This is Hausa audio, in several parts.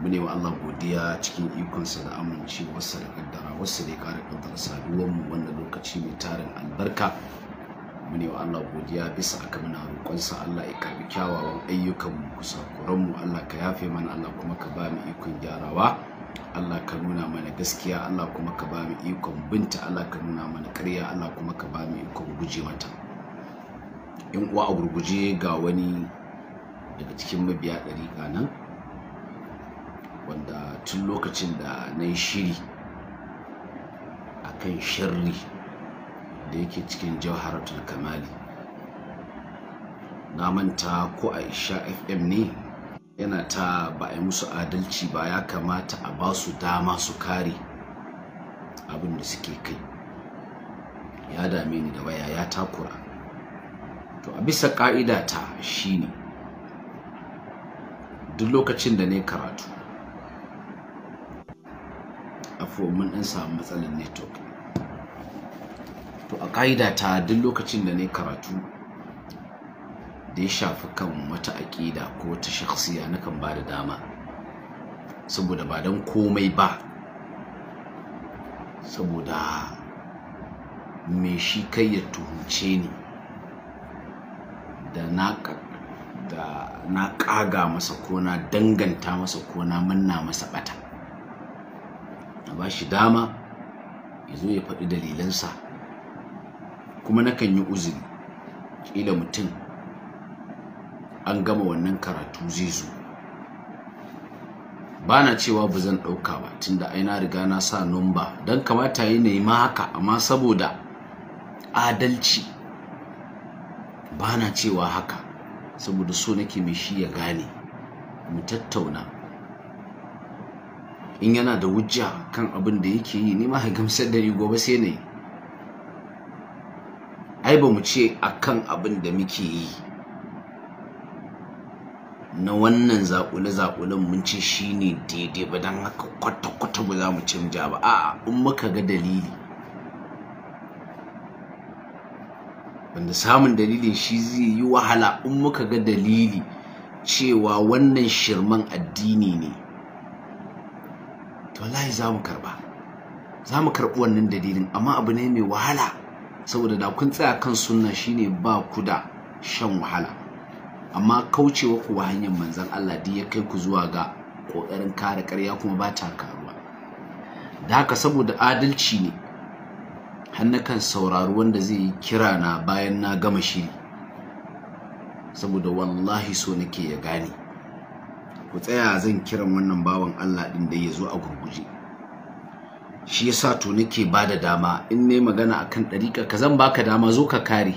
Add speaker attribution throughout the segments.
Speaker 1: mune wa Allah godiya cikin ikonsa da amincewarsa da kaddara wasu da ya kara kaddara saduwar mu wannan lokaci mai tarin albarka mune wa Allah godiya bisa aka muna roƙonsa Allah ya karbi kyawawan ayyukan mu kusakuran mu Allah ka yafe mana Allah kuma ka ba mu ikon gyarawa Allah ka nuna mana gaskiya Allah kuma ka ba mu ikon binta Allah ka nuna mana ƙarya Allah kuma ka ba mu ikon guje mata in uwa a gurguje ga wani daga cikin mabiya ɗari nan wanda tun lokacin da na yi shiri a kan shirri da yake cikin jawharatul kamali na manta ko a isha fm ne yana ta ba a yi musu adalci ba ya kamata a ba su dama su kare abin da suke kai ya dame ni da waya ya takura to a bisa ka'ida ta shine duk lokacin da ne karatu afuwa mun ɗan samu matsalar network to a ƙa'ida ta duk lokacin da na karatu da ya shafi kan wata aƙida ko wata shakhsiya nakan ba da dama saboda ba don komai ba saboda me shi kai ya tuhunce ni da na da na ƙaga masa kona, danganta masa ko na manna masa ɓata Na ba shi dama ya zo ya faɗi dalilansa kuma nakan yi uzuri ƙila mutum an gama wannan karatu zai zo ba na cewa ba zan ɗauka ba tunda ai na riga na sa numba don kamata yi na yi ma haka amma saboda adalci ba na cewa haka saboda so nake mai shi ya gane mu tattauna in yana da wujja kan abin da yake yi ni ma gamsar da ni gobe sai na yi ai ba mu ce a kan abin da muke yi na wannan zaƙule-zaƙulen mun ce shi ne daidai ba don haka kwata-kwata ba za mu canja ba a'a in muka ga dalili wanda samun dalilin shi zai yi wahala in muka ga dalili cewa wannan shirman addini ne to wallahi za mu karba za mu karbi wannan dalilin amma abu ne mai wahala saboda da kun tsaya kan sunna shine ba ku da shan wahala amma kaucewa ku hanyar manzon Allah duk ya kai ku zuwa ga kokarin kare ƙarya kuma ba ta karuwa da haka saboda adalci ne hannakan nakan saurari wanda zai yi kira na bayan na gama shiri saboda wallahi so nake ya gane ku tsaya zan kiran wannan bawan Allah din da ya zo a gurguje shi yasa to nake ba da dama in ne magana akan ɗariƙa ka zan baka dama zo ka kare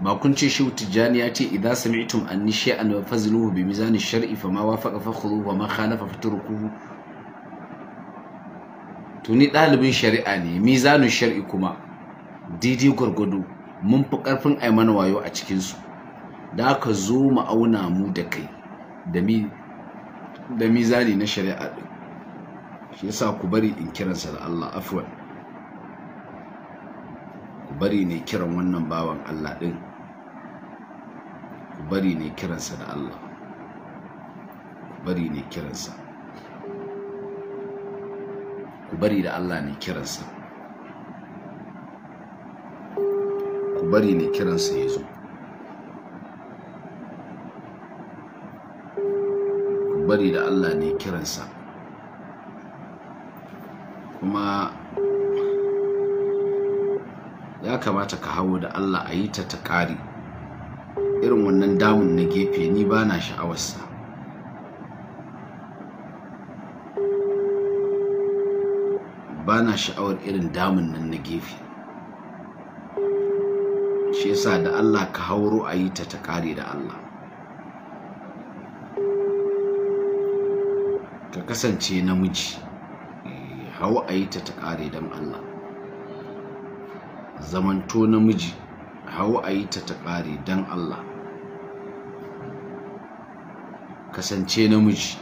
Speaker 1: ba kun ce shi tijjani ya ce idan sami'tum anni shay'an fazluhu bi mizani shar'i fa ma wafaqa fa khudhu wa ma khalafa turkuhu to ni ɗalibin shari'a ne mizanu shar'i kuma Didi gwargwado mun fi ƙarfin ai mana wayo a cikinsu da ka zo mu auna mu da kai da mizani na shari'a ɗin shi yasa ku bari in kiransa da Allah afuwan ku bari ne kiran wannan bawan Allah ɗin ku bari ne kiransa da Allah ku bari ne kiransa ku bari da Allah ne kiransa ku bari ne kiransa ya zo bari da Allah ne kiransa kuma ya kamata ka hawo da Allah a yi ta ta ƙari irin wannan damun na gefe ni ba na sha'awarsa ba na sha'awar irin damun nan na gefe shi yasa da Allah ka hauro a yi ta ta ƙari da Allah kasance namiji eh, hawa a yi ta ƙare don Allah zamanto namiji hawa a yi ta ta ƙare don Allah kasance namiji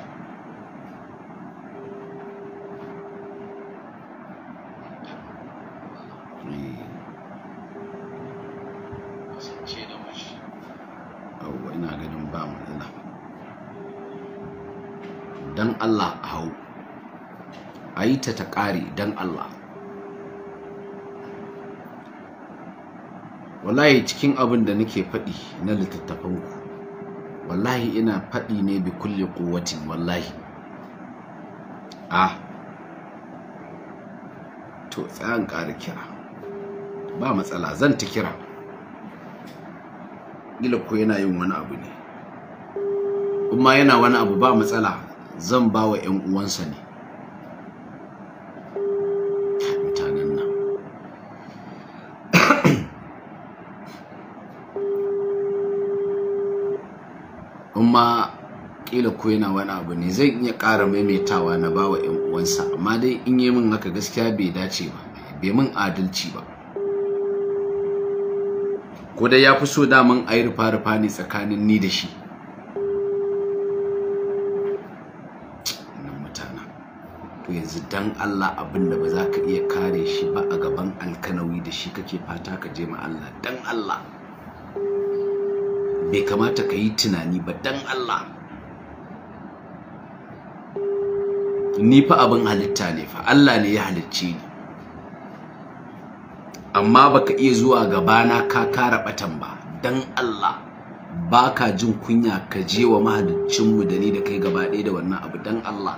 Speaker 1: ƙari don Allah wallahi cikin abin da nake faɗi na littattafanku wallahi ina faɗi ne bi kulle kowacin wallahi A, ah, to tsayan ƙara kira ba matsala zan ta kira gila ko yana yin wani abu ne kuma yana wani abu ba matsala zan ba wa 'yan uwansa ne kila ko yana wani abu ne zai iya ƙara maimaitawa na bawa ƴan uwansa amma dai in yi min haka gaskiya bai dace ba bai min adalci ba ko dai ya fi so daman a yi rufa-rufa ne tsakanin ni da shi to yanzu dan Allah abin da ba za ka iya kare shi ba a gaban alkanawi da shi kake fata ka je ma Allah dan Allah bai kamata ka yi tunani ba dan Allah ni fa abin halitta ne fa Allah ne ya halicce ni amma baka iya zuwa gabana ka kara batan ba dan Allah baka jin kunya ka je wa mahaliccinmu da ni da kai gaba ɗaya da wannan abu dan Allah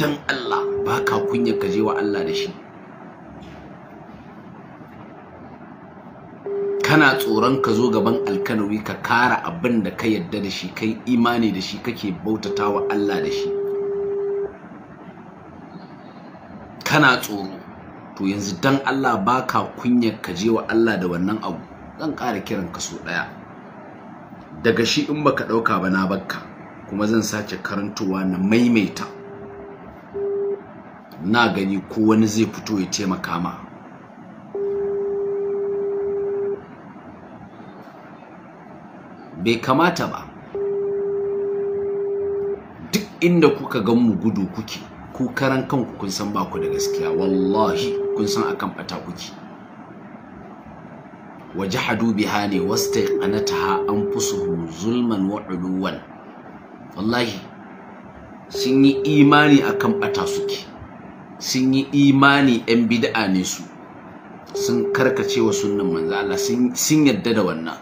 Speaker 1: dan Allah baka kunya ka je wa Allah da shi kana tsoron ka zo gaban alkanawi ka kara abin da ka yadda da shi kai imani da shi kake bautata wa Allah da shi kana tsoro to yanzu dan Allah baka kunyar ka je wa Allah da wannan abu zan ƙara kiran ka so ɗaya daga shi in baka ɗauka ba na bakka kuma zan sace karantowa na maimaita na gani ko wani zai fito ya taimaka ma bai kamata ba duk inda kuka gan mu gudu kuke ku karan kanku kun san baku da gaskiya wallahi kun san akan bata kuke wajahadu biha ne an anfusuhum zulman wa uluwan wallahi sun yi imani akan bata suke sun yi imani yan bid'a ne su sun karkace wa sunnan manzo Allah sun yadda da wannan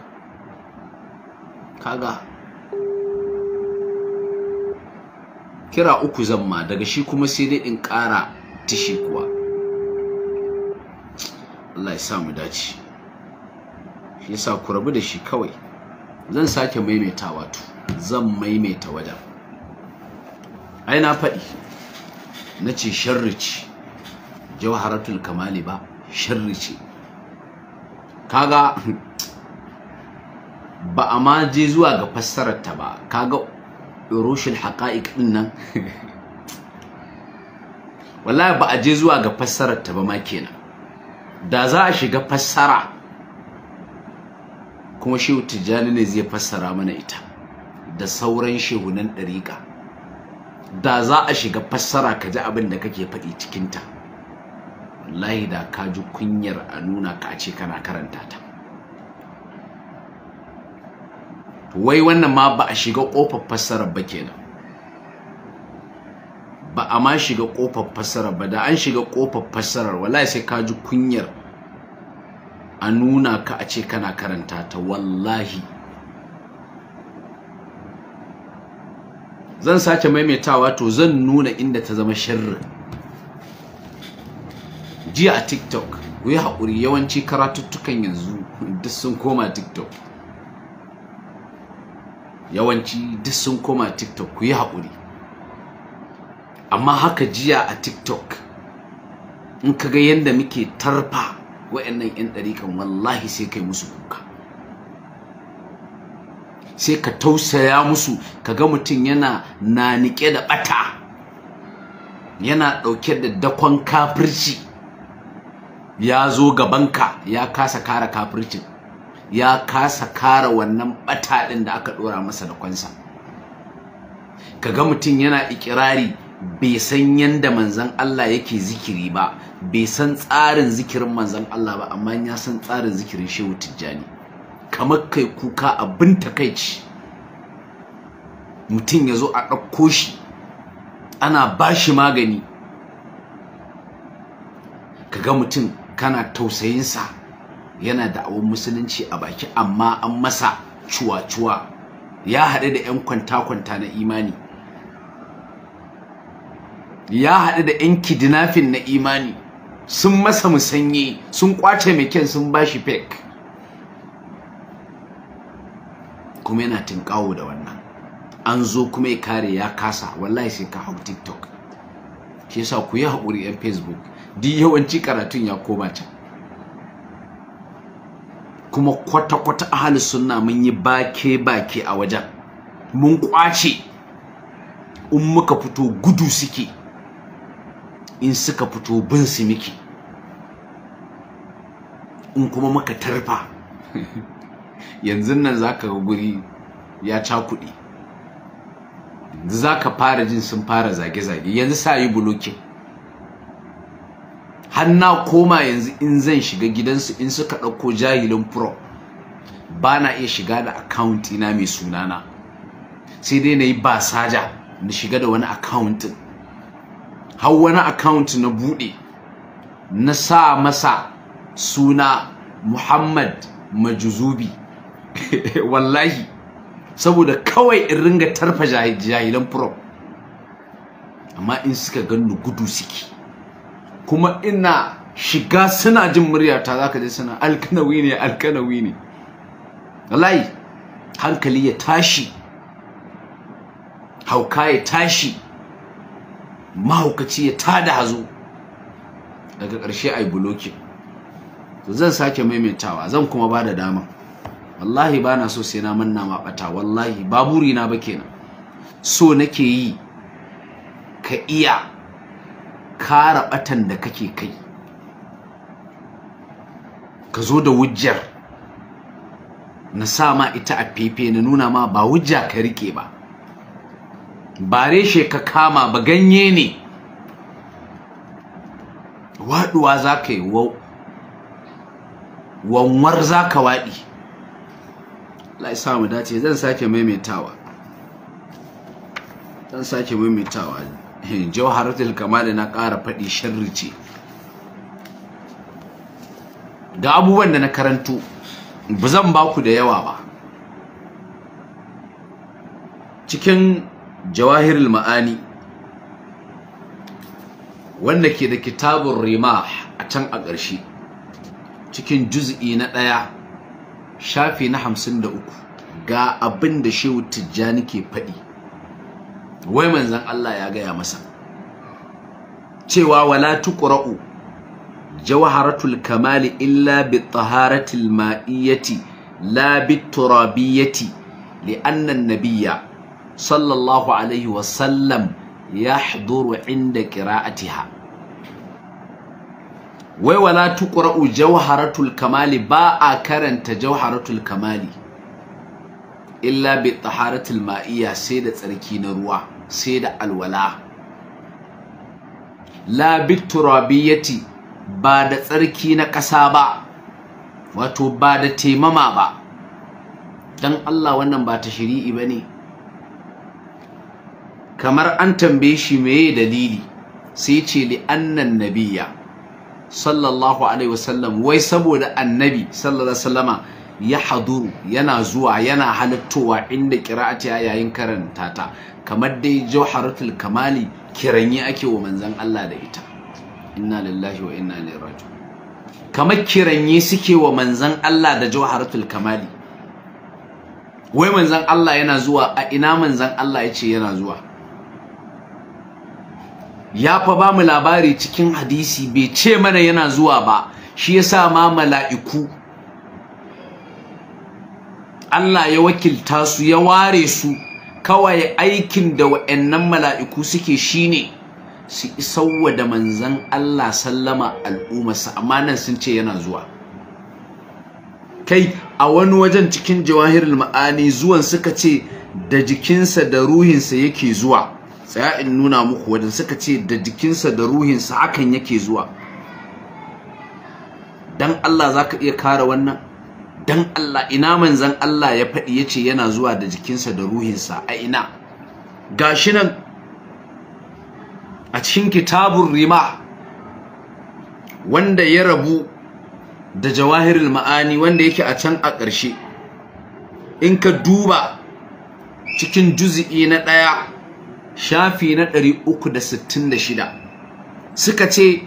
Speaker 1: kaga kira uku zan ma daga shi kuma sai dai in ƙara tishi kuwa Allah ya sa mu dace shi yasa ku rabu da shi kawai zan sake maimaita wato zan maimaita wajen ai na faɗi na ce jawharatul kamali ba sharrici kaga ba a ma je zuwa ga fassarar ta ba kaga rushin haƙa'iƙ ɗin nan wallahi ba a je zuwa ga fassarar ta ba ma kenan da za a shiga fassara kuma shehu tijjani ne zai fassara mana ita da sauran shehunan ɗariƙa da za a shiga fassara ka ji abin da kake faɗi cikinta wallahi da ka ji kunyar a nuna ka a ce kana karanta ta wai wannan ma ba a shiga kofar fassara ba kenan ba a ma shiga kofar fassara ba da an shiga kofar fassarar wallahi sai ka ji kunyar a nuna ka a ce kana karanta ta wallahi zan sace maimaitawa to zan nuna inda ta zama shirri jiya a tiktok ku yi haƙuri yawanci karatuttukan yanzu duk sun koma tiktok yawanci duk sun koma tiktok ku yi haƙuri amma haka jiya a tiktok in ka ga yadda muke tarfa nan 'yan ɗarikan wallahi sai kai musu kuka sai ka tausaya musu ka ga mutum yana naniƙe da ɓata yana ɗauke da dakon kafirci ya zo gabanka ya kasa kara kafircin ya kasa kara wannan bata din da aka dora masa da kwansa kaga mutum yana ikirari bai san yanda manzon Allah yake zikiri ba bai san tsarin zikirin manzon Allah ba amma ya san tsarin zikirin Shehu Tijjani kamar kai kuka abin takaici mutum yazo a ɗauko shi ana bashi magani kaga mutum kana tausayinsa yana da awon musulunci a baki amma an masa cuwa-cuwa ya haɗu da 'yan kwanta-kwanta na imani ya haɗu da 'yan kidnafin na imani sun masa musanye sun kwace mai kyan sun bashi fek kuma yana tinkawo da wannan an zo kuma ya kare ya kasa wallahi sai ka hau tiktok shi yasa ku yi haƙuri 'yan facebook duk yawanci karatun ya koma can kuma kwata-kwata a hali suna mun yi bake-bake a wajen mun kwace in muka fito gudu suke in suka fito bin su miki in kuma muka tarfa yanzu nan zaka ga guri ya cakuɗe za ka fara jin sun fara zage-zage yanzu sa yi bulokin har na koma yanzu in zan shiga gidansu in suka ɗauko jahilin pro ba na iya shiga da account ina mai na. sai dai nayi yi ba na shiga da wani account har wani account na bude, na sa masa suna Muhammad Majuzubi wallahi saboda kawai in ringa tarfa jahilan pro amma in suka gannu gudu suke kuma ina shiga suna jin muryata zaka ji suna alkanawi ne alkanawi ne wallahi hankali ya tashi hauka ya tashi mahaukaci ya tada hazo daga ƙarshe ai bulokin to zan sake maimaitawa zan kuma bada dama wallahi bana so sai na manna ma bata wallahi ba na ba kenan so nake yi ka iya kara batan da kake kai ka zo da wujjar na sa ma ita a fefe na nuna ma ba wujja ka rike ba ba reshe ka kama ba ganye ne Waduwa za ka yi wanwar za ka waɗi lai samu dace zan sake maimaitawa zan sake maimaitawa jawharatul kamal na ƙara faɗi sharri ce ga abubuwan da na karanto ba zan ba ku da yawa ba cikin jawahirul ma'ani wanda ke da kitabun rimah a can a ƙarshe cikin juz'i na ɗaya shafi na hamsin da uku ga abin da shehu tijjani ke faɗi wai manzon Allah ya gaya masa cewa wala tuqra'u jawharatul kamali illa bi taharatil ma'iyati la bi turabiyyati li'anna an-nabiyya sallallahu alaihi wa sallam yahduru 'inda qira'atiha wai wala tuqra'u jawharatul kamali ba a karanta jawharatul kamali illa bi taharatul ma'iyya sai da tsarki na ruwa sai da alwala la bi turabiyyati ba da tsarki na ƙasa ba wato ba da taimama ba dan Allah wannan ba ta shiri'i bane kamar an tambaye shi meye dalili sai ce li annan nabiyya sallallahu alaihi wasallam wai saboda annabi sallallahu alaihi wasallama ya haduru yana zuwa yana halittowa inda kira'ati a yayin karanta ta kamar dai jawharatul kamali kiranyi ake wa manzon Allah da ita inna lillahi wa inna ilaihi raji'un kamar kiranyi suke wa manzan Allah da jawharatul kamali wai manzan Allah yana zuwa a ina manzan Allah yace yana zuwa ya fa ba mu labari cikin hadisi bai ce mana yana zuwa ba shi yasa ma mala'iku Allah ya wakilta su ya ware su kawai aikin da wa'annan mala'iku suke shine su isawwa da manzan Allah sallama al'ummarsa amma nan sun ce yana zuwa kai a wani wajen cikin jawahirul ma'ani zuwan suka ce da jikinsa da ruhinsa yake zuwa tsaya in nuna muku wajen suka ce da jikinsa da ruhinsa hakan yake zuwa dan Allah zaka iya kare wannan dan Allah ina manzon Allah ya faɗi yace yana zuwa da jikinsa da ruhinsa a ina gashi nan a cikin kitabun rima wanda ya rabu da jawahirul ma'ani wanda yake a can a ƙarshe in ka duba cikin juz'i na ɗaya shafi na 366 suka ce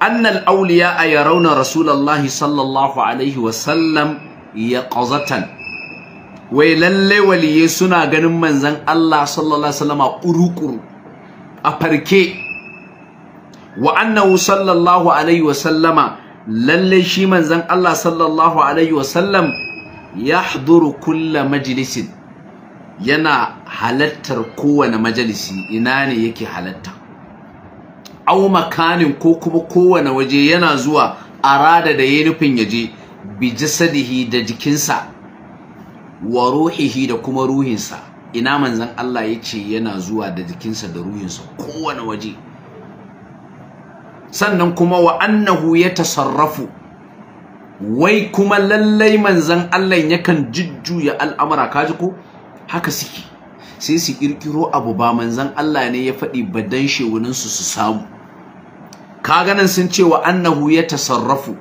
Speaker 1: annal auliya a yarawna rasulullahi sallallahu alaihi wasallam Ya ƙazatan wai lalle waliye suna ganin manzan Allah sallallahu alaihi wasallam a farke wa annahu sallallahu alaihi wasallama lalle shi manzan Allah sallallahu alaihi wasallam yahduru kulla majalisin yana halattar kowane majalisi ina ne yake halatta au makanin ko kuma kowane waje yana zuwa arada da yayi nufin yaje bijisadihi da jikinsa wa ruhihi da kuma ruhinsa ina manzan Allah ya ce yana zuwa da jikinsa da ruhinsa kowane waje sannan kuma wa annahu tasarrafu wai kuma lallai manzan Allah yakan jujjuya al'amura kaji ko haka suke sai su kirkiro abu ba manzan Allah ne ya faɗi badan shewunansu su samu Ka ganin sun ce wa annahu yatasarrafu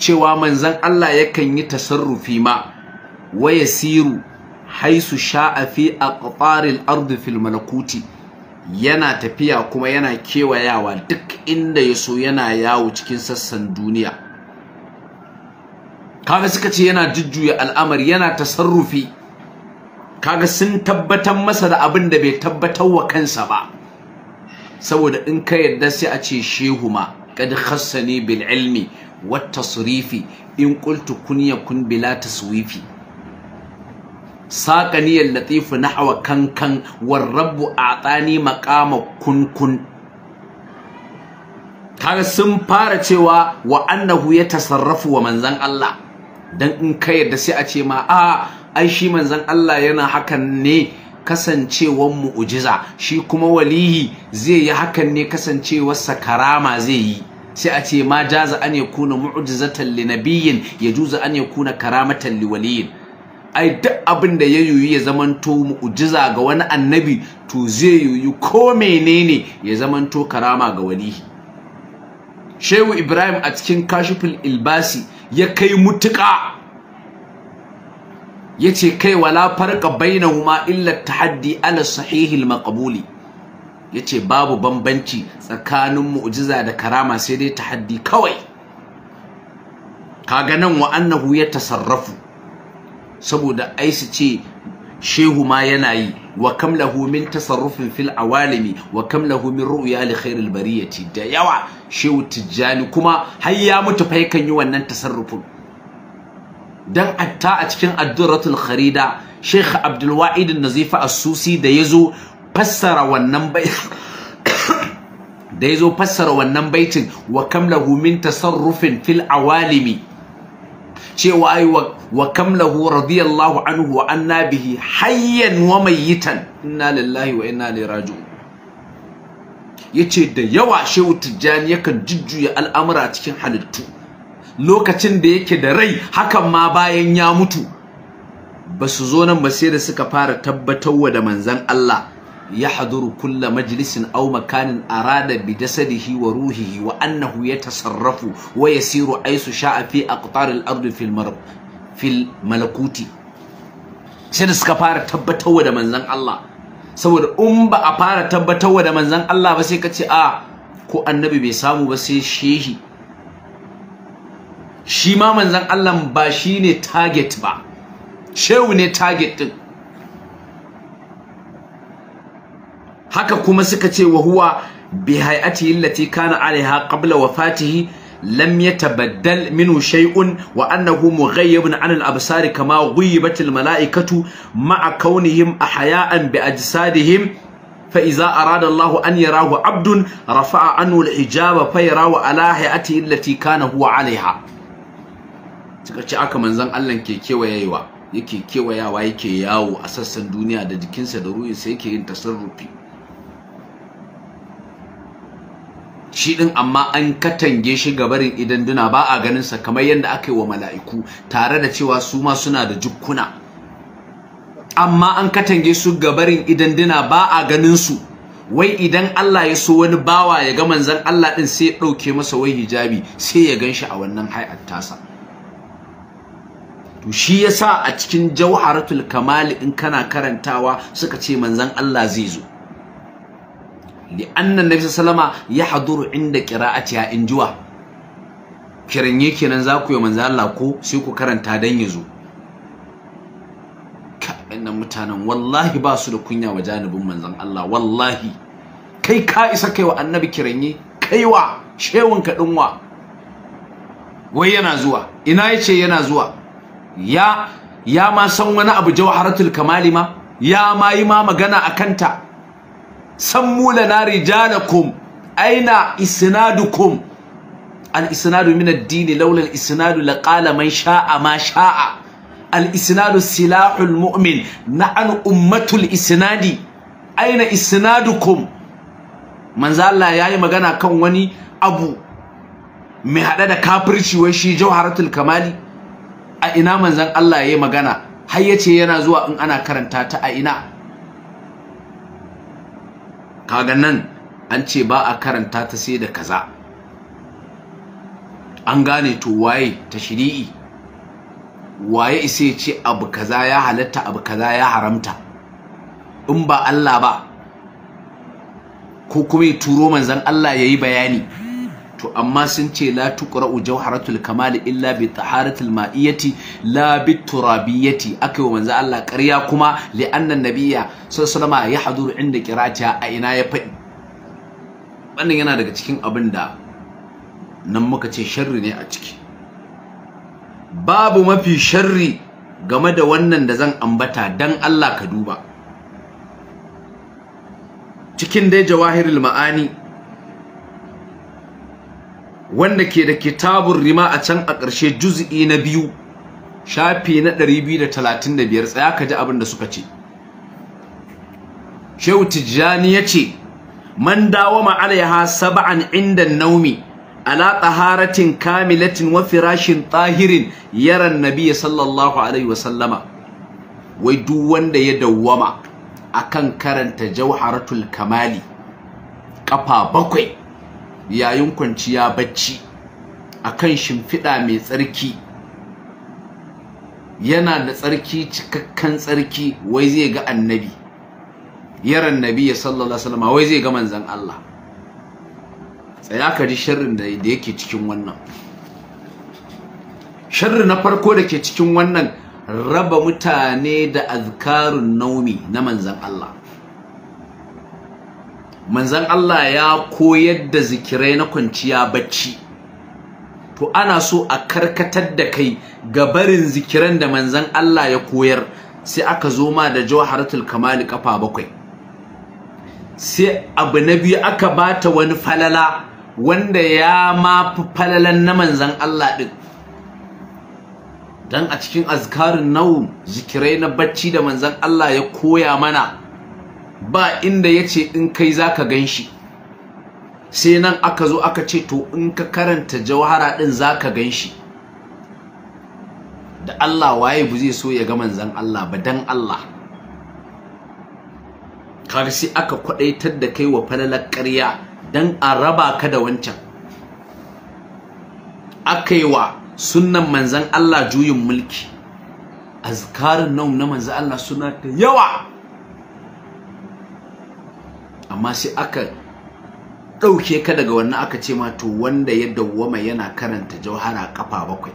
Speaker 1: cewa manzon Allah yakan yi tasarrufi ma waya siru, haisu sha'afi a aqtaril ardi fil malakuti yana tafiya kuma yana kewayawa duk inda ya so yana yawo cikin sassan duniya kaga suka ce yana jujjuya al'amari yana tasarrufi kaga sun tabbatar masa da abin da bai tabbatar wa kansa ba saboda in ka yarda sai a ce shehu ma kad khassani bil ilmi wata surifi in qultu kunya kun bila taswifi saƙani al-latifu hawa kankan war a atani maqama kunkun kaga sun fara cewa wa annahu ya tasarrafu wa manzan Allah dan in ka yarda sai a ce ma a ai shi manzan Allah yana hakan ne kasancewan mu'ujiza shi kuma walihi zai yi hakan ne kasancewarsa karama zai yi sai a ce ma jaza an yakuna mu'jizatan li ya juza an yakuna karamatan li waliyin ai duk abin da ya yuyu ya zamanto mu'jiza ga wani annabi to zai yuyu ko menene ya zamanto karama ga wali Shehu Ibrahim a cikin Kashiful Ilbasi ya kai mutuka yace kai wala farqa bainahuma illa tahaddi ala sahihil maqbuli yace babu bambanci tsakanin mu'ujiza da karama sai dai ta haddi kawai kaga nan wa annahu ya tasarrafu saboda ai su ce shehu ma yana yi wa kam lahu min tasarrufin fil awalimi wa kam lahu min ru'ya li khairil bariyati da yawa shehu tijjani kuma har ya mutu fa yakan yi wannan tasarrufin dan atta a cikin addurratul kharida sheikh abdul wa'id an-nazifa as-susi da yazo fassara wannan bai da yazo fassara wannan baitin wa kam lahu min tasarrufin fil awalimi cewa ai wa kam lahu radiyallahu anhu wa anna bihi hayyan wa mayitan inna lillahi wa inna ilaihi raji'un yace da yawa shehu tijjani yakan jujjuya al'amura cikin halittu lokacin da yake da rai hakan ma bayan ya mutu ba su zo nan ba sai da suka fara tabbatarwa da manzon Allah yahduru kulla majlisin aw makanin arada bi jasadihi wa ruhihi wa annahu yatasarrafu wa yasiru aisu sha'a fi aqtar al-ard fil fil malakuti sai da suka fara tabbatarwa da manzon Allah saboda in ba a fara tabbatarwa da manzon Allah ba sai ka ce a ah, ko annabi bai samu ba sai shehi shi ma manzon Allah ba shine target ba shehu ne target ɗin. haka kuma suka ce wa huwa bi hay'atihi allati kana alaiha qabla wafatihi lam yatabaddal minhu shay'un wa annahu mughayyibun 'an al-absar kama ghayyibat al-mala'ikatu ma'a kaunihim ahya'an bi ajsadihim an أراد الله أن يراه عبد رفع عنه الحجاب فيراه على هيئته التي كان هو Suka ce aka manzon Allah ke kewayewa yake kewayawa yake yawo a sassan duniya da jikinsa da ruhinsa yake yin tasarrufi shi din amma an katange shi ga barin idan duna ba a ganin sa kamar yadda aka yi wa mala'iku tare da cewa su ma suna da jukkuna amma an katange su gabarin barin idan duna ba a ganin su wai idan Allah ya so wani bawa ya ga manzon Allah din sai ya dauke masa wai hijabi sai ya ganshi a wannan hay'at tasa to shi yasa a cikin jawharatul kamali in kana karantawa suka ce manzon Allah zai zo li annan nabi sallama ya haduru inda qira'atiha injuwa kiranye kenan za ku yi manzo Allah ko sai ku karanta dan yazo waɗannan mutanen wallahi ba su da kunya wa janibin manzon Allah wallahi kai ka isa kai wa annabi kiranye wa? shewun ka dinwa wai yana zuwa ina yace yana zuwa ya ya ma san wani abu jawharatul kamali ma ya ma yi ma magana akanta sammu na rijalakum aina isnadukum al isnadu min addini laula al isnadu laqala man sha'a ma sha'a al isnadu silahul mu'min na'an ummatul isnadi aina isnadukum manzo Allah yayi magana kan wani abu mai hada da kafirci wai shi jawharatul kamali a ina manzon Allah yayi magana har yace yana zuwa in ana karanta ta a ina kaga nan an ce ba a karanta ta sai da kaza an gane to waye ta shiri'i waye isa ya ce abu kaza ya halatta abu kaza ya haramta in ba Allah ba ko kuma ya turo manzan Allah ya yi bayani to amma sun ce la tuqra'u jawharatul kamal illa bi taharatil ma'iyati la bi turabiyati akai wa manzo Allah ƙarya kuma li anna nabiyya sallallahu alaihi ya haduru inda qira'ata a ina ya faɗi wannan yana daga cikin abin nan muka ce sharri ne a ciki babu mafi sharri game da wannan da zan ambata dan Allah ka duba cikin dai jawahirul ma'ani wanda ke da kitabun rima a can a ƙarshe juz'i na biyu shafi na 235 tsaya ka ji abin da suka ce Shehu Tijjani ya ce man dawama alaiha sab'an inda naumi ala taharatin kamilatin wa firashin tahirin yaran Nabiya sallallahu alaihi wasallama wai duk wanda ya dawwama kan karanta jawharatul kamali kafa bakwai yayin kwanciya bacci akan shimfiɗa mai tsarki yana da tsarki cikakken tsarki wai zai ga annabi yaran nabi sallallahu alaihi wasallam wai zai ga manzon Allah tsaya ka ji sharrin da yake cikin wannan sharri na farko da ke cikin wannan raba mutane da azkarun naumi na Manzon Allah Manzan Allah ya koyar da zikirai na kwanciya bacci to ana so a karkatar da kai ga barin zikiran da manzan Allah ya koyar sai aka zo ma da jawharatul kamali kafa bakwai sai abu na biyu aka bata wani falala wanda ya ma falalan na manzan Allah ɗin, dan a cikin azkarun nau zikirai na bacci da manzan Allah ya koya mana ba inda ya ce in kai za ka gan shi sai nan aka zo aka ce to in ka karanta jawhara ɗin za ka gan shi da Allah waye bu zai so ya ga manzan Allah ba dan Allah sai aka kwadaitar da kai wa falalar ƙarya don a raba ka da wancan aka yi wa sunan manzan Allah juyin mulki azkarin nau na manzan Allah suna ta yawa amma sai aka ɗauke ka daga wannan aka ce ma to wanda ya dawwama yana karanta jauhara kafa bakwai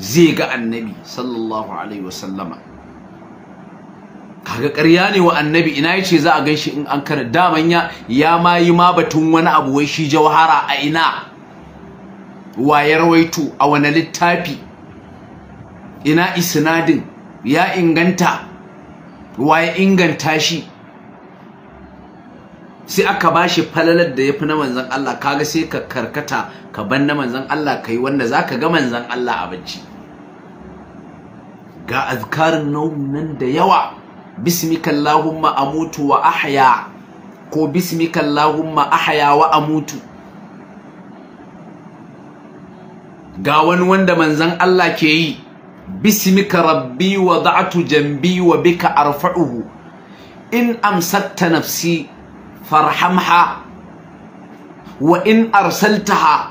Speaker 1: zai ga annabi sallallahu alaihi wasallama kaga ƙarya ne wa annabi ina yace za a gan shi in an kara daman ya ya ma ma batun wani abu wai shi jauhara a ina wa ya rawaito a wani littafi ina isnadin ya inganta ya inganta shi sai aka bashi falalar da yafi na manzon Allah kaga sai ka karkata ka ban na manzon Allah kai wanda zaka ga manzan Allah a bacci ga azkar nan da yawa bismika allahumma amutu wa ahya ko bismika allahumma ahya wa amutu ga wani wanda manzon Allah ke yi bismika rabbi wa da'atu jambi wa bika in amsakta nafsi farhamha wa in arsaltaha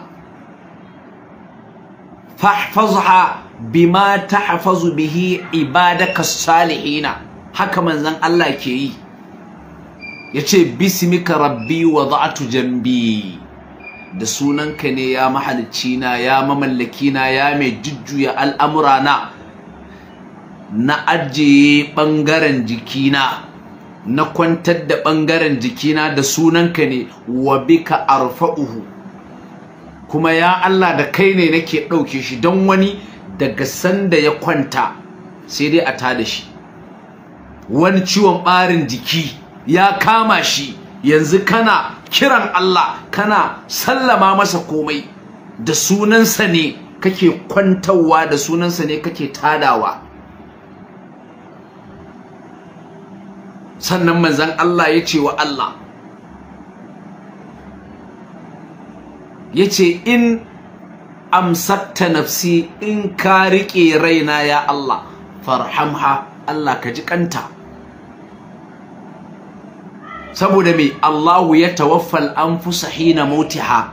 Speaker 1: fahfazha bima tahfazu bihi ibadaka salihina haka manzon Allah ke yi yace bismika rabbi wa jambi da sunanka ne ya mahalicci na ya mamallaki na ya mai jujjuya al'amura na na ajiye ɓangaren jikina na kwantar da ɓangaren jikina da sunanka ne wa bika uhu? kuma ya Allah da kai ne nake ɗauke shi don wani daga sanda ya kwanta sai dai a tada shi wani ciwon ɓarin jiki ya kama shi yanzu kana kiran Allah kana sallama masa komai da sunansa ne kake kwantawa da sunansa ne kake tadawa sannan manzon Allah ya ce wa Allah ya in amsakta nafsi in ka riƙe raina ya Allah farhamha Allah ka ji kanta saboda me Allahu ya tawaffal anfusa hina mautiha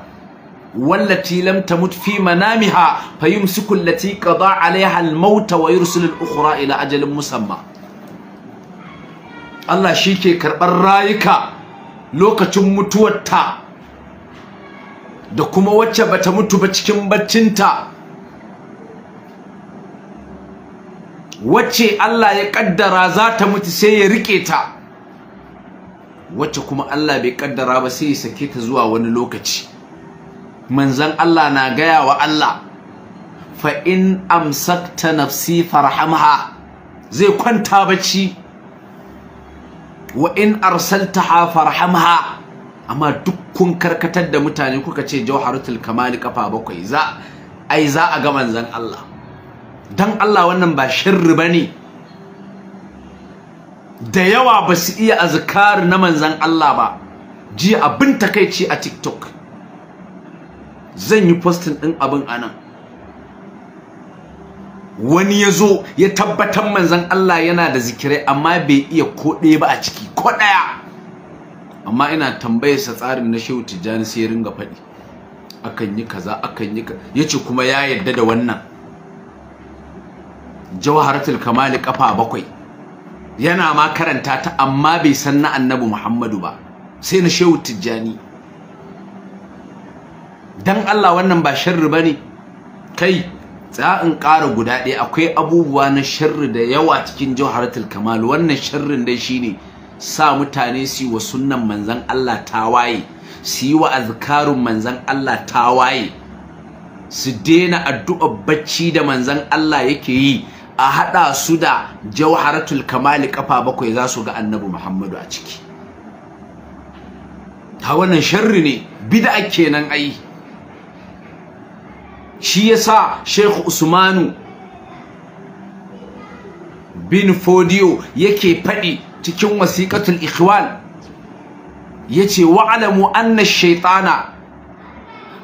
Speaker 1: wallati lam tamut fi manamiha fayumsiku allati qada alaiha al-maut wa yursilu al ila ajalin musamma Allah shike karɓar rayuka lokacin mutuwarta da kuma wacce bata mutu ba cikin baccinta wacce Allah ya kaddara za ta mutu sai ya rike ta wacce kuma Allah bai kaddara ba sai ya sake ta zuwa wani lokaci manzon Allah na gaya wa Allah fa in amsakta nafsi farhamha zai kwanta bacci wa in arsaltaha farhamha amma duk kun karkatar da mutane kuka ce jawharatul kamal kafa bakwai za ai za a ga manzon Allah dan Allah wannan ba shirri bane da yawa ba su iya azkar na manzan Allah ba ji abin takaici a TikTok zan yi posting din abin anan wani ya zo ya tabbatar manzan Allah yana da zikirai amma bai iya ko ɗaya ba a ciki Koɗaya! amma ina tambayarsa tsarin na shehu tijjani sai ya ringa faɗi akan yi kaza akan yi kaza yace kuma ya yarda da wannan jawharatul kamali kafa bakwai yana ma karanta ta amma bai san na annabi Muhammadu ba sai na shehu tijjani dan Allah wannan ba sharri bane kai za in ƙara guda ɗaya akwai abubuwa na sharri da yawa cikin jawharatul kamal wannan sharrin dai shine sa mutane su wa sunnan manzon Allah tawaye su yi wa azkarun manzon Allah tawaye su daina addu'ar bacci da manzon Allah yake yi a haɗa su da jawharatul kamali ƙafa bakwai za su ga annabi muhammadu a ciki Ta wannan sharri ne bid'a kenan ai shi yasa sheikh usmanu bin fodiyo yake faɗi cikin wasiƙatul ikhwan yace wa'lamu anna ash-shaytana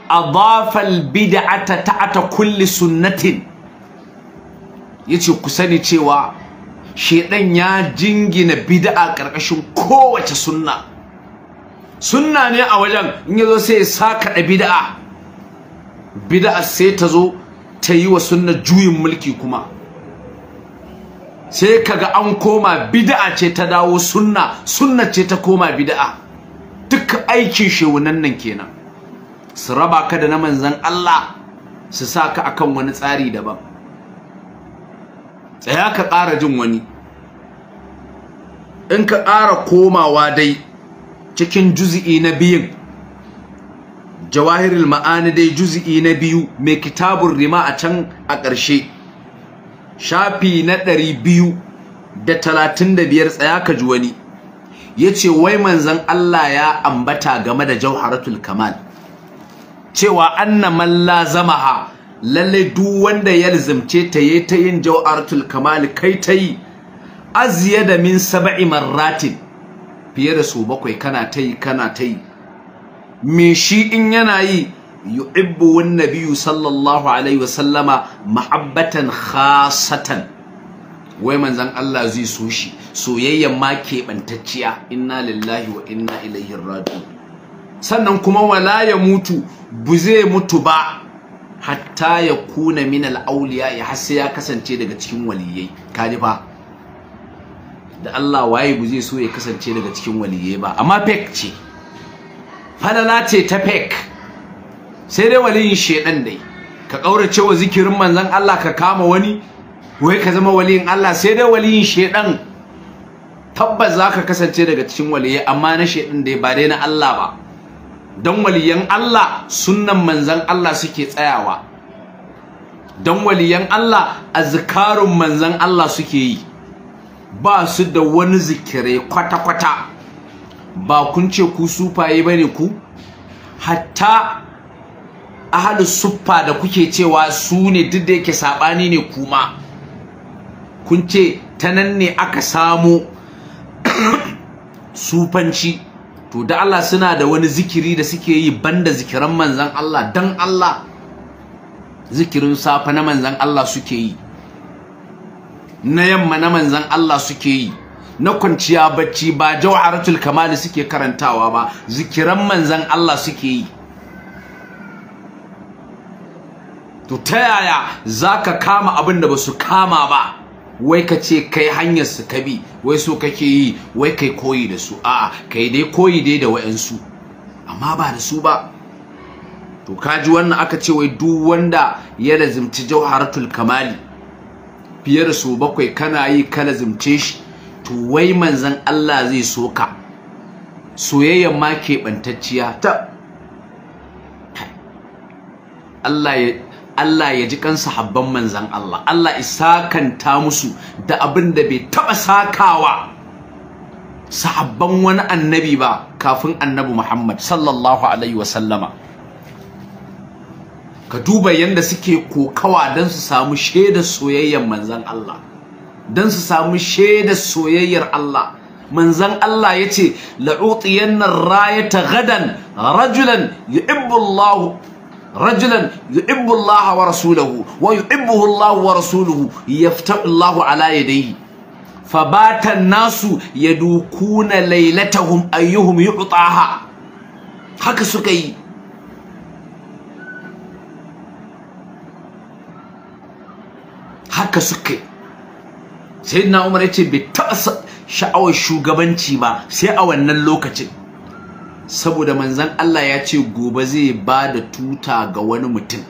Speaker 1: adafa al-bid'ata ta kulli sunnatin yace ku sani cewa shedan ya jingina bid'a karkashin kowace sunna sunna ne a wajen in yazo sai ya saka da bid'a bid'a sai ta zo ta yi wa sunna juyin mulki kuma sai kaga an koma bid'a ce ta dawo sunna sunna ce ta koma bid'a duk aikin shewunan nan kenan su raba ka da na manzon Allah su saka akan wani tsari daban tsaya ka ƙara jin wani in ka ƙara komawa dai cikin juzi'i na biyun jawahirul ma'ani dai juzi'i na biyu mai kitabun rima a can a ƙarshe shafi na ɗari biyu da talatin da biyar tsaya ka ji wani ya ce wai manzan Allah ya ambata game da jauharatul kamal cewa anna man ha lallai duk wanda ya lizamce ta yi ta yin jawaratul kamal kai ta yi aziya da min sab'i marratin fiye da su bakwai kana ta yi kana ta yi me shi in yana yi yu'ibbu wan nabiyyu sallallahu alaihi wasallama mahabbatan khasatan wai manzon Allah zai so shi soyayyen ma keɓantacciya inna lillahi wa inna ilaihi raji'un sannan kuma wala ya mutu bu zai mutu ba hatta ya kuna min al-awliya ya hasse ya kasance daga cikin waliyai kaji fa da Allah waye bu zai so ya kasance daga cikin waliyai ba amma fake ce falala ce ta fake sai dai waliyin shedan dai ka kaurace wa zikirin manzon Allah ka kama wani wai ka zama waliyin Allah sai dai waliyin shedan tabbas zaka kasance daga cikin waliyai amma na shedan dai ba dai na Allah ba don waliyan Allah sunnan manzan Allah suke tsayawa don waliyan Allah azkarun manzan Allah suke yi ba su da wani zikire kwata-kwata ba kun ce ku sufaye bane ku hatta ahalu suffa da kuke cewa su ne duk da yake sabani ne kuma kun ce ta nan ne aka samu sufanci to da Allah suna da wani zikiri da suke yi banda zikiran manzan Allah dan Allah zikirin safa na manzan Allah suke yi na yamma na manzan Allah suke yi na kwanciya bacci ba jawharatul kamali suke karantawa ba zikiran manzan Allah suke yi to ta yaya zaka kama abin da basu kama ba wai ka ce kai hanyar su kabi wai so kake yi wai kai koyi da su a'a kai dai koyi dai da wayansu amma ba da su ba to ji wannan aka ce wai duk wanda ya lazimci jauharatul kamali fiye da su bakwai kana yi ka lazimce shi to wai manzon Allah zai so ka soyayyan ma bantacciya ta Allah ya Allah ya ji kansa sahabban manzan Allah Allah isakanta musu da abin da bai taba sakawa sahabban wani annabi ba kafin annabi Muhammad sallallahu alaihi wasallama ka duba yanda suke kokawa don su samu shaidar soyayyar manzan Allah don su samu shaidar soyayyar Allah manzan Allah ya ce rayata gadan rajulan yu'ibbu rajulan yuhibbu Allah wa rasulahu wa yuhibbuhu Allah wa rasuluhu yaftahu Allah ala yadayhi fabata nasu yadukuna lailatahum ayyuhum yu'taha haka suka yi haka suka yi sayyidina Umar yace bai taɓa sha'awar shugabanci ba sai a wannan lokacin saboda manzan Allah ya ce gobe zai ba da tuta ga wani mutum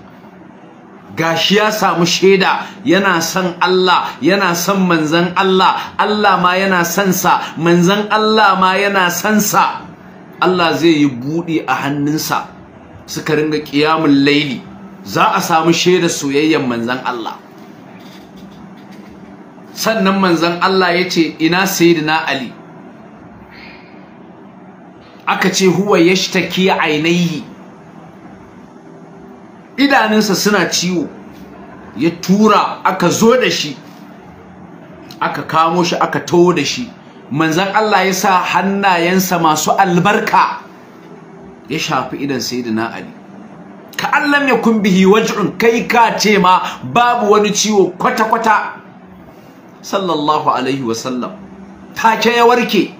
Speaker 1: gashi ya samu shaida yana son Allah yana son manzan Allah Allah ma yana son sa manzan Allah ma yana son sa Allah zai yi buɗe a hannunsa suka ringa ƙiyamin laili za a samu shaida soyayyen manzan Allah sannan manzan Allah ya ce ina sayyidina Ali aka ce huwa yashtaki ainihi idanunsa suna ciwo ya tura aka zo da shi aka kamo shi aka taho da shi manzan Allah ya sa hannayensa masu albarka ya shafi idan sayyidina Ali ka ya kumbi bihi waj'un kai ka ce ma babu wani ciwo kwata kwata sallallahu alaihi wasallam take ya warke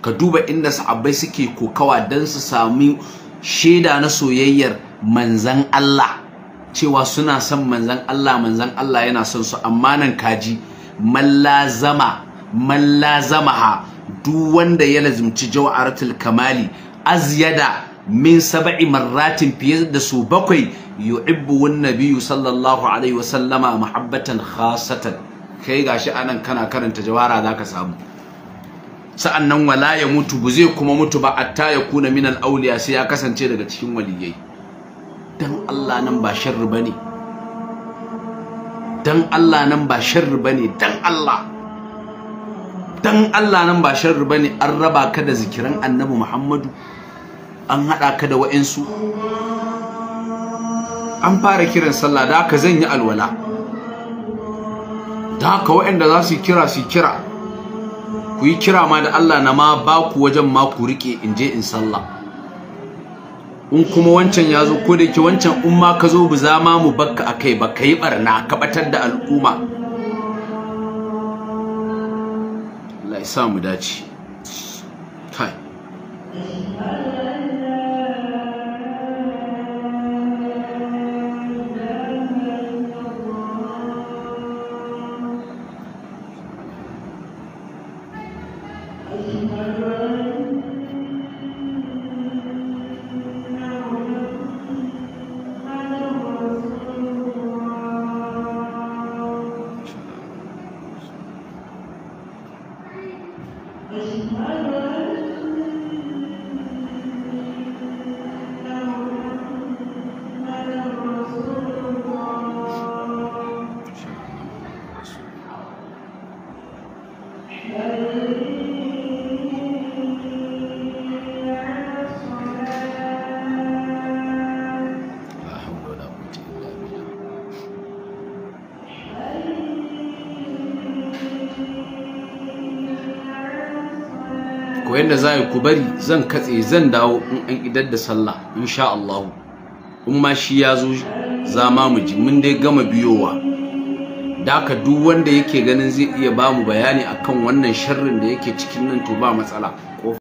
Speaker 1: ka duba inda sahabbai suke kokawa don su sami shaida na soyayyar manzan Allah cewa suna son manzan Allah manzan Allah yana son su amma nan kaji mallazama mallazamaha duk wanda ya lazimci jawaratul kamali azyada min sab'i marratin fiye da su bakwai yu'ibbu wan nabiyyu sallallahu alaihi wasallama mahabbatan khasatan kai gashi anan kana karanta jawara zaka samu sa'annan wala ya mutu bu zai kuma mutu ba atta ya kuna minal auliya sai ya kasance daga cikin waliyai dan Allah nan ba sharri bane dan Allah nan ba sharri bane dan Allah dan Allah nan ba sharri bane an raba ka da zikiran Annabi Muhammadu an hada ka da wa'ansu an fara kiran sallah da haka zan yi alwala da haka wa'anda za su kira su kira ku yi kira ma da Allah na ma ba ku wajen ma ku rike in je in sallah in kuma wancan ya zo ko da yake wancan in ma ka zo bu za ma mu bakka akai ba ka yi barna ka batar da al'umma Allah ya sa mu dace da za ku bari zan katse zan dawo in an idar da sallah insha Allah in ma shi ya zo za ma mu ji mun dai gama biyowa da ka duk wanda yake ganin zai iya ba mu bayani akan wannan sharrin da yake cikin nan to ba matsala